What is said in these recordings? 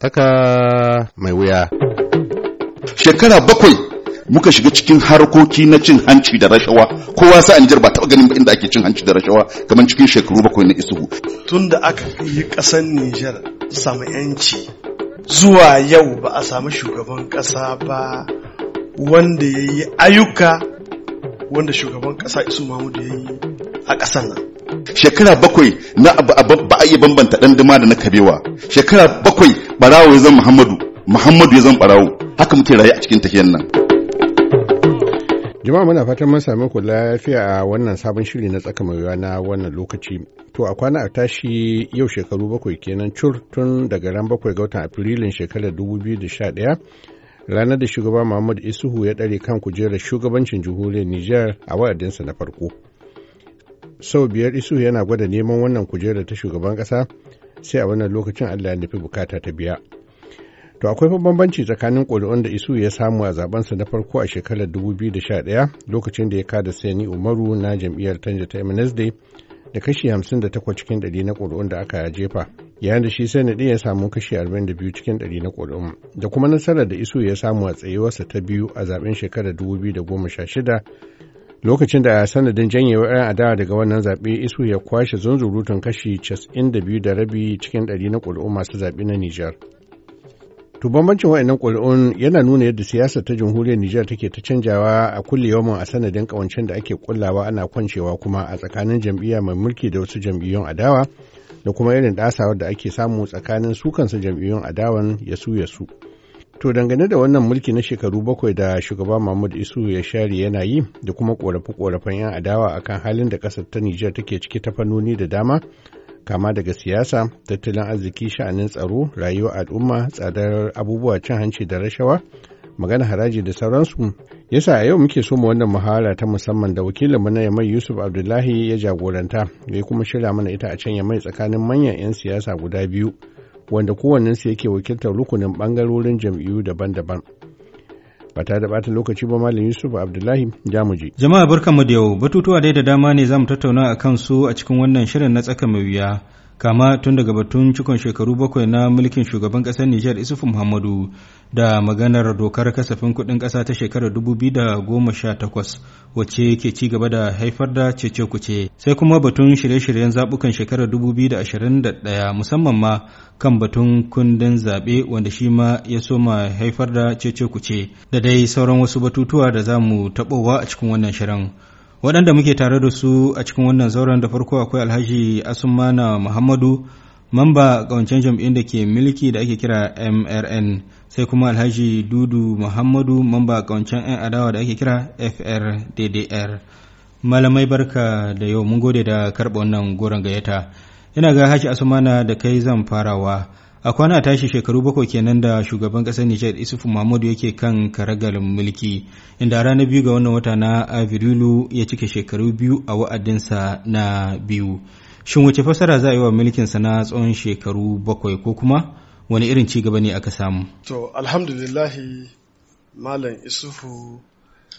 tsaka mai wuya. Shekara bakwai muka shiga cikin harkoki na cin hanci da rashawa kowa sa Nijar ba taɓa ganin ba inda ake cin hanci da rashawa kamar cikin shekaru bakwai na isuhu. Tun da aka yi ƙasar Nijar samu yanci zuwa yau ba a samu shugaban ƙasa ba wanda ya yi ayyuka wanda shugaban ƙasa Isu Mahmud ya yi a ƙasar nan. shekara bakwai na ba a iya bambanta dan dima da na kabewa shekara bakwai barawo ya zan muhammadu muhammadu ya zan barawo haka muke rayu a cikin tafiyan nan jama'a muna fatan mun sami ku lafiya a wannan sabon shiri na tsaka mai rana wannan lokaci to a kwana a tashi yau shekaru bakwai kenan cur tun daga ran bakwai ga watan afrilun shekarar 2011 ranar da shugaba muhammad isuhu ya ɗare kan kujerar shugabancin jamhuriyar niger a wa'adinsa na farko sau biyar isu yana gwada neman wannan kujerar ta shugaban kasa sai a wannan lokacin allah ya nufi bukata ta biya to akwai fa bambanci tsakanin ƙuri'un da isu ya samu a zabensa na farko a shekarar 2011 lokacin da ya kada sani umaru na jam'iyyar tanja ta mnsd da kashi 58 cikin 100 na ƙuri'un da aka jefa yayin da shi ɗin ya samu kashi 42 cikin 100 na ƙuri'un da kuma nasarar da isu ya samu a tsayuwarsa ta biyu a zaben shekarar 2016 lokacin da a sanadin janyewar 'yan adawa daga wannan zaɓe isu ya kwashe zunzurutun kashi 92 da rabi cikin ɗari na ƙuri'un masu zaɓe na Nijar. To bambancin wa'annan ƙuri'un yana nuna yadda siyasa ta jamhuriyar Nijar take ta canjawa a kulle yawan a sanadin ƙawancen da ake kullawa ana kwancewa kuma a tsakanin jam'iyya mai mulki da wasu jam'iyyun adawa da kuma irin ɗasawar da ake samu tsakanin su jam'iyyun adawan yasu yasu. To dangane da wannan mulki na shekaru bakwai da shugaba Mahmud Isu ya share yana yi da kuma korafe-korafen 'yan adawa akan halin da ƙasar ta Nijar take ciki ta fannoni da dama kama daga siyasa, tattalin arziki, sha'anin tsaro, rayuwar al'umma, tsadar abubuwa cin hanci da rashawa, magana haraji da sauransu. Yasa a yau muke so mu wannan muhawara ta musamman da wakilin muna na Yamai Yusuf Abdullahi ya jagoranta, ya kuma shirya mana ita a can Yamai tsakanin manyan 'yan siyasa guda biyu. wanda kowannensu yake wakiltar rukunin bangarorin jam'iyyu daban-daban. ba ta da bata lokaci ba malam yusuf abdullahi je. jama'a barkanmu da yau batutuwa dai da dama ne za mu tattauna a kan su a cikin wannan shirin na tsaka mai wuya kama tun daga batun cikon shekaru bakwai na mulkin shugaban ƙasar Nijar Isufu Muhammadu da maganar dokar kasafin kuɗin ƙasa ta shekarar 2018 wacce ke ci gaba da haifar da cece kuce sai kuma batun shirye-shiryen zaɓukan shekarar 2021 musamman ma kan batun kundin zaɓe wanda shi ma ya ma haifar da cece kuce da dai sauran wasu batutuwa da za mu taɓowa a cikin wannan shirin. waɗanda muke tare da su a cikin wannan zauren da farko akwai alhaji asumana muhammadu mamba ƙawancen jam'in da ke milki da ake kira mrn sai kuma alhaji dudu muhammadu mamba ƙawancen 'yan adawa da ake kira frddr malamai barka da yau mun gode da karɓa wannan goron gayyata ina ga Hashi asumana da kai zan farawa a kwana tashi shekaru bakwai kenan da shugaban kasar nijar isufu mahmudu yake kan karagar mulki inda ranar biyu ga wannan wata na avirilu ya cike shekaru biyu a wa'adinsa na biyu shin wace fasara za a yi wa mulkinsa na tsawon shekaru bakwai ko kuma wani irin ci gaba ne aka samu to alhamdulillahi malam isufu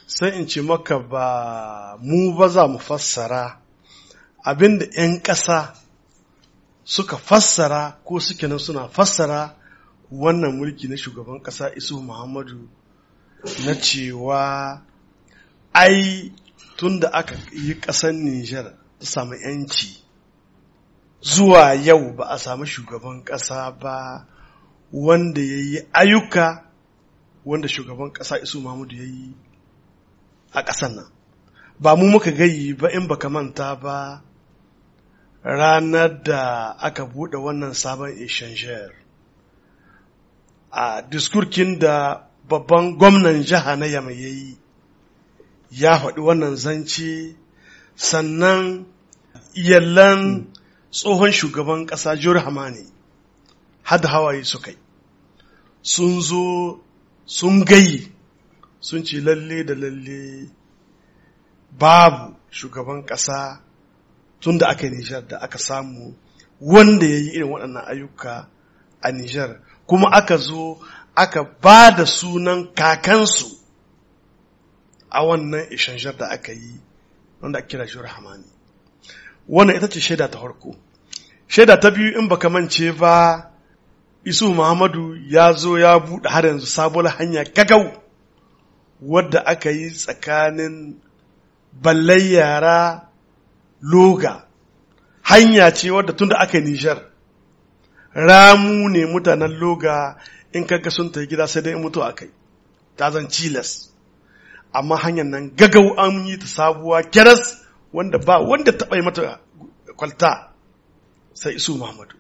sai in ce maka ba mu ba za mu fassara abinda 'yan ƙasa suka fassara ko suke nan suna fassara wannan mulki na shugaban ƙasa isu muhammadu na cewa ai tun da aka yi ƙasar nijar ta samu yanci zuwa yau ba a samu shugaban ƙasa ba wanda ya yi ayyuka wanda shugaban ƙasa isu muhammadu ya yi a ƙasar nan ba mu muka gayi ba in baka manta ba ranar da aka buɗe wannan sabon ishanshiyar a diskurkin da babban gwamnan jiha na yama ya yi ya faɗi wannan zance sannan yallan tsohon shugaban ƙasa jihar hamani hada hawaye su kai sun zo sun gayi sun ce lalle da lalle babu shugaban ƙasa tun da aka yi Nijar da aka samu wanda ya yi irin waɗannan ayyuka a Nijar kuma aka zo aka ba da sunan kakansu a wannan ishanjar da aka yi wanda ake kira shi Rahmani. Wannan ita ce shaida ta farko. Shaida ta biyu in baka mance ba Isu Muhammadu ya zo ya buɗe har yanzu sabuwar hanya gagau wadda aka yi tsakanin ballai yara loga hanya ce wadda tunda aka yi nijar ramu ne mutanen loga in kaga sun ta gida sai dai mutu a kai ta zan cilas amma hanyar nan gagau an yi ta sabuwa keras wanda ba wanda taɓa yi mata kwalta sai isu muhammadu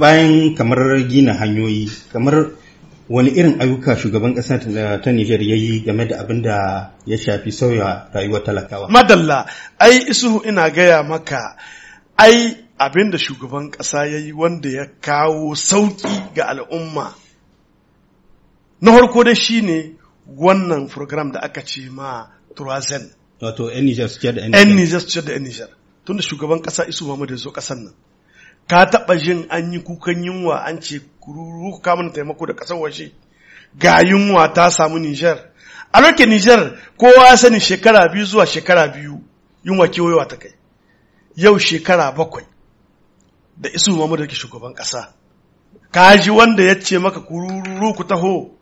bayan kamar gina hanyoyi kamar wani irin ayyuka shugaban ƙasa ta Nijar ya yi game da abin da ya shafi sauya rayuwar talakawa. Madalla, ai isu ina gaya maka, ai abin da shugaban ƙasa ya yi wanda ya kawo sauƙi ga al'umma. Na farko dai shi ne wannan program da aka ce ma Turazen. Wato, ‘yan Nijar su da ‘yan Nijar. ‘Yan Nijar su da ‘yan Nijar. Tunda shugaban ƙasa isu mu ya zo ƙasan nan. ka taɓa jin an yi kukan yunwa an ce kururu mana taimako da ƙasar waje ga yunwa ta samu Nijar. A lokacin Nijar kowa ya sani shekara biyu zuwa shekara biyu yunwa kewayewa ta kai. Yau shekara bakwai da isu mamu da shugaban ƙasa. Ka ji wanda ya ce maka kururu ku taho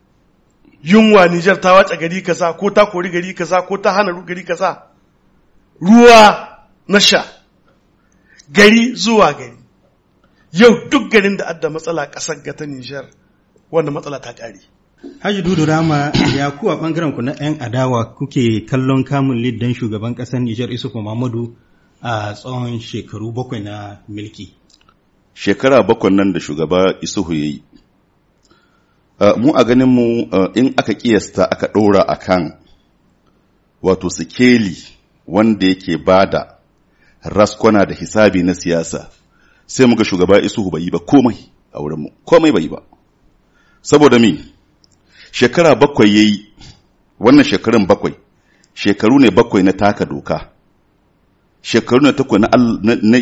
yunwa Nijar ta wace gari kaza ko ta kori gari kaza ko ta hana gari kaza. Ruwa na sha gari zuwa gari. yau duk garin da adda matsala ƙasar ga ta Nijar wannan matsala ta ƙare. Haji Dudu Rama ya ku a ku na 'yan adawa kuke kallon kamun liddan shugaban ƙasar Nijar Isufu Muhammadu a tsawon shekaru bakwai na milki. Shekara bakwai nan da shugaba Isuhu ya yi. Mu a ganin mu in aka kiyasta aka ɗora a kan wato sikeli wanda yake bada raskwana da hisabi na siyasa sai muga shugaba isuhu bai yi ba komai a wurinmu komai bai yi ba saboda mi shekara bakwai ya yi wannan shekarun bakwai shekaru ne bakwai na taka doka shekaru ne takwai na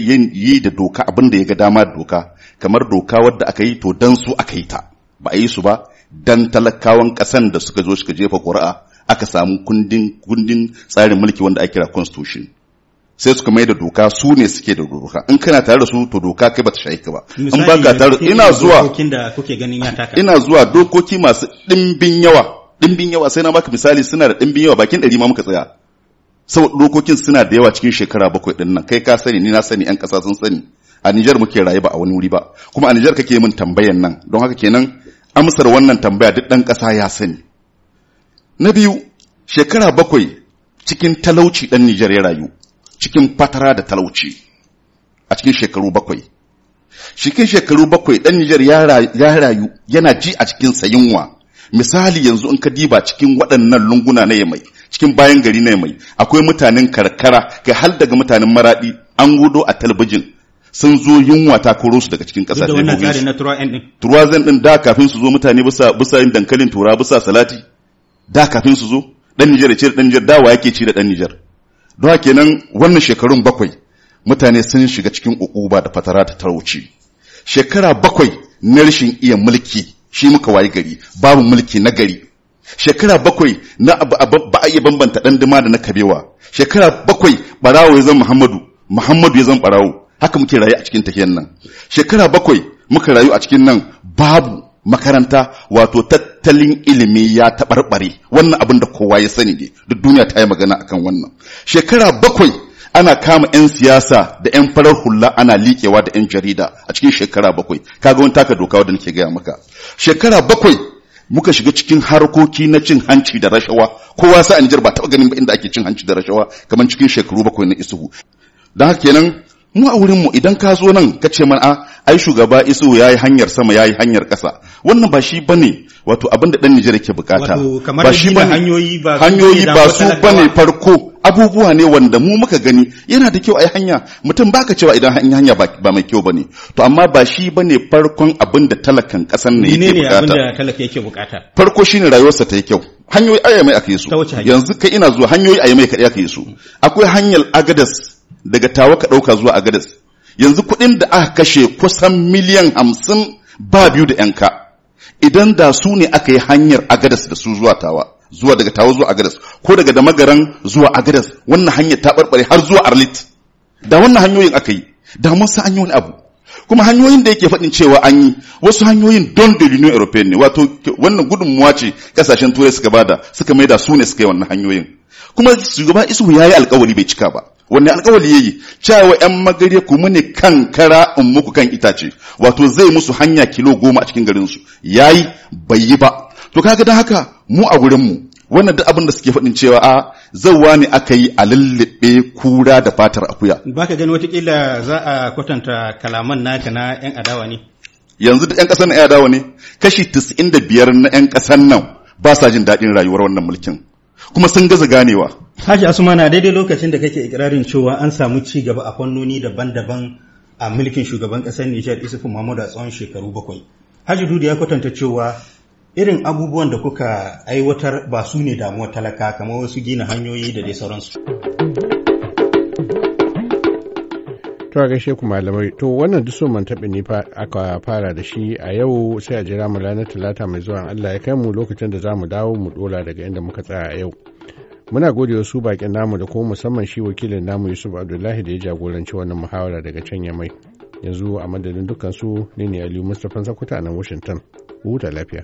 yi da doka abinda ya ga dama doka kamar doka wadda aka yi to dan su aka yi ta ba a yi su ba dan talakawan kasan da suka zo suka jefa ƙuri'a aka samu kundin kundin tsarin mulki wanda ake kira constitution sai suka mai da doka su ne suke da doka in kana tare da su to doka kai bata shayi ka ba in ba ka tare ina zuwa ina zuwa dokoki masu dimbin yawa dimbin yawa sai na baka misali suna da dimbin yawa bakin ɗari ma muka tsaya saboda dokokin suna da yawa cikin shekara bakwai din nan kai ka sani ni na sani yan kasa sun sani a Nijar muke rayu ba a wani wuri ba kuma a Nijar kake min tambayan nan don haka kenan amsar wannan tambaya duk ɗan ƙasa ya sani na biyu shekara bakwai cikin talauci ɗan Nijar ya rayu cikin fatara da talauci a cikin shekaru bakwai cikin shekaru bakwai ɗan Nijar ya rayu yana ji a cikin sayinwa misali yanzu in ka diba cikin waɗannan lunguna na yamai cikin bayan gari na yamai akwai mutanen karkara kai hal daga mutanen maraɗi an gudo a talabijin sun zo yunwa ta koro su daga cikin ƙasa da wannan tsari na ɗin din turazen ɗin da kafin su zo mutane bisa bisa yin dankalin tura bisa salati da kafin su zo ɗan Nijar ya ce da ɗan Nijar dawa yake ci da ɗan Nijar don kenan wannan shekarun bakwai mutane sun shiga cikin ukuba da fatara ta tarauci shekara bakwai na rashin iya mulki shi muka wayi gari babu mulki na gari shekara bakwai na ba a iya bambanta ɗan dima da na kabewa shekara bakwai ɓarawo ya zama muhammadu muhammadu ya zama ɓarawo haka muke rayu a cikin tafiyan nan shekara bakwai muka rayu a cikin nan babu makaranta wato tattalin ilimi ya taɓarɓare wannan abin da kowa ya sani ne duk duniya ta yi magana akan wannan shekara bakwai ana kama 'yan siyasa da 'yan farar hula ana liƙewa da 'yan jarida a cikin shekara bakwai kaga wani taka doka wadda nake gaya maka shekara bakwai muka shiga cikin harkoki na cin hanci da rashawa kowa sa nijar ba taɓa ganin ba inda ake cin hanci da rashawa kamar cikin shekaru bakwai na isuhu don haka kenan mu a wurin mu idan ka zo nan ka ce mana ai shugaba isu ya yi hanyar sama ya yi hanyar ƙasa wannan ba shi bane wato abin da dan Nijar yake bukata ba shi bane hanyoyi ba hanyoyi ba su bane farko abubuwa ne wanda mu muka gani yana da kyau ai hanya mutum baka cewa idan hanya ba mai kyau bane to amma ba shi bane farkon abin da talakan kasan ne yake bukata ne abin da talaka yake bukata farko shine rayuwarsa ta yi kyau hanyoyi ayyamai aka yi su yanzu kai ina zuwa hanyoyi ayyamai kadai aka yi su akwai hanyar agadas daga tawa ka ɗauka zuwa agadas yanzu kuɗin da aka kashe kusan miliyan hamsin ba biyu da yanka idan da su ne aka yi hanyar agadas da su zuwa tawa zuwa daga tawa zuwa agadas ko daga damagaran zuwa agadas wannan hanyar ta barbare har zuwa arlit da wannan hanyoyin aka yi da mun san an abu kuma hanyoyin da yake faɗin cewa an yi wasu hanyoyin don da union european ne wato wannan gudunmuwa ce kasashen turai suka bada suka maida su ne suka yi wannan hanyoyin kuma shugaba isu ya yi alkawari bai cika ba wannan alkawali yayi cewa yan magare ku mune kankara in muku kan itace wato zai musu hanya kilo goma a cikin garin su yayi bai yi ba to kaga dan haka mu a gurin mu wannan duk abin da suke faɗin cewa a zan ne aka yi a lullube kura da fatar akuya baka gani watakila za a kwatanta kalaman naka na yan adawa ne yanzu da yan ƙasar na yan adawa ne kashi 95 na yan ƙasar nan ba sa jin daɗin rayuwar wannan mulkin kuma sun gaza ganewa asuma na daidai lokacin da kake ikirarin cewa an samu ci gaba a fannoni daban-daban a mulkin shugaban ƙasar Nijar Isufu muhammadu a tsawon shekaru bakwai. Haji Dudu ya kwatanta cewa irin abubuwan da kuka aiwatar ba su ne damuwar talaka kamar wasu gina hanyoyi da dai sauransu. to gaishe sheku malamai to wannan duk man taɓa ne aka fara da shi a yau sai a jira mu ranar talata mai zuwa Allah ya kai mu lokacin da za mu dawo mu dola daga inda muka tsaya a yau. muna gode wa su bakin namu da kuma musamman shi wakilin namu yusuf abdullahi da ya jagoranci wannan muhawara daga can ya mai yanzu a madadin dukkan su ne ne aliyu mustapha sakuta a nan washington huta lafiya